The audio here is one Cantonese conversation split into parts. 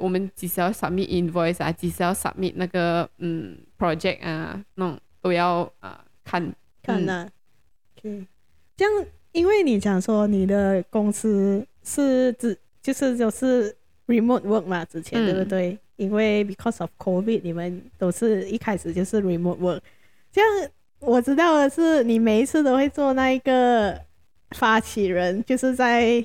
我們只需要 submit invoice 啊，只需要 submit 那個嗯 project 啊，那種都要啊、呃、看、嗯。看啊，咁，咁，因為你講說你的公司是只就是就是 remote work 嘛，之前、嗯、對唔對？因為 because of covid，你們都是一開始就是 remote work。咁，我知道的是你每一次都會做那一個發起人，就是在。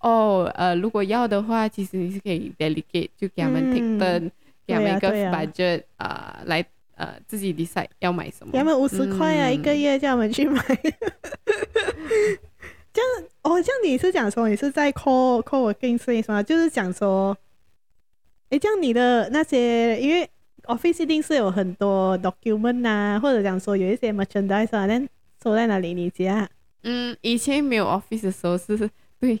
哦、oh，呃，如果要的話，其實你是可以 delegate，就給他們 take turn，叫佢哋一個 budget，誒，嚟誒自己 decide 要買什麼。叫、啊、們五十塊啊，一個月叫佢哋去買。咁、嗯， 哦，咁你是講說你是在 call call 我公司就是講說，誒這樣你的那些因為 office 一定是有很多 document 啊，或者講說有一些 merchandise 啊，但收在哪裡你家嗯，以前冇 office 嘅時候是對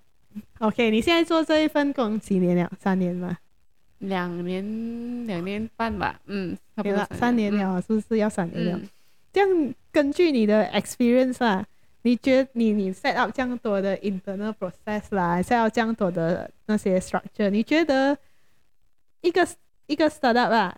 O、okay, K，你現在做這一份工幾年了？三年了，兩年兩年半吧。嗯，得啦、okay，三年了、嗯，是不是要三年了、嗯？這樣根據你的 experience 啦，你覺得你你 set up 這樣多的 internal process 來 set up 這樣多的那些 structure，你覺得一個一個 startup 啦？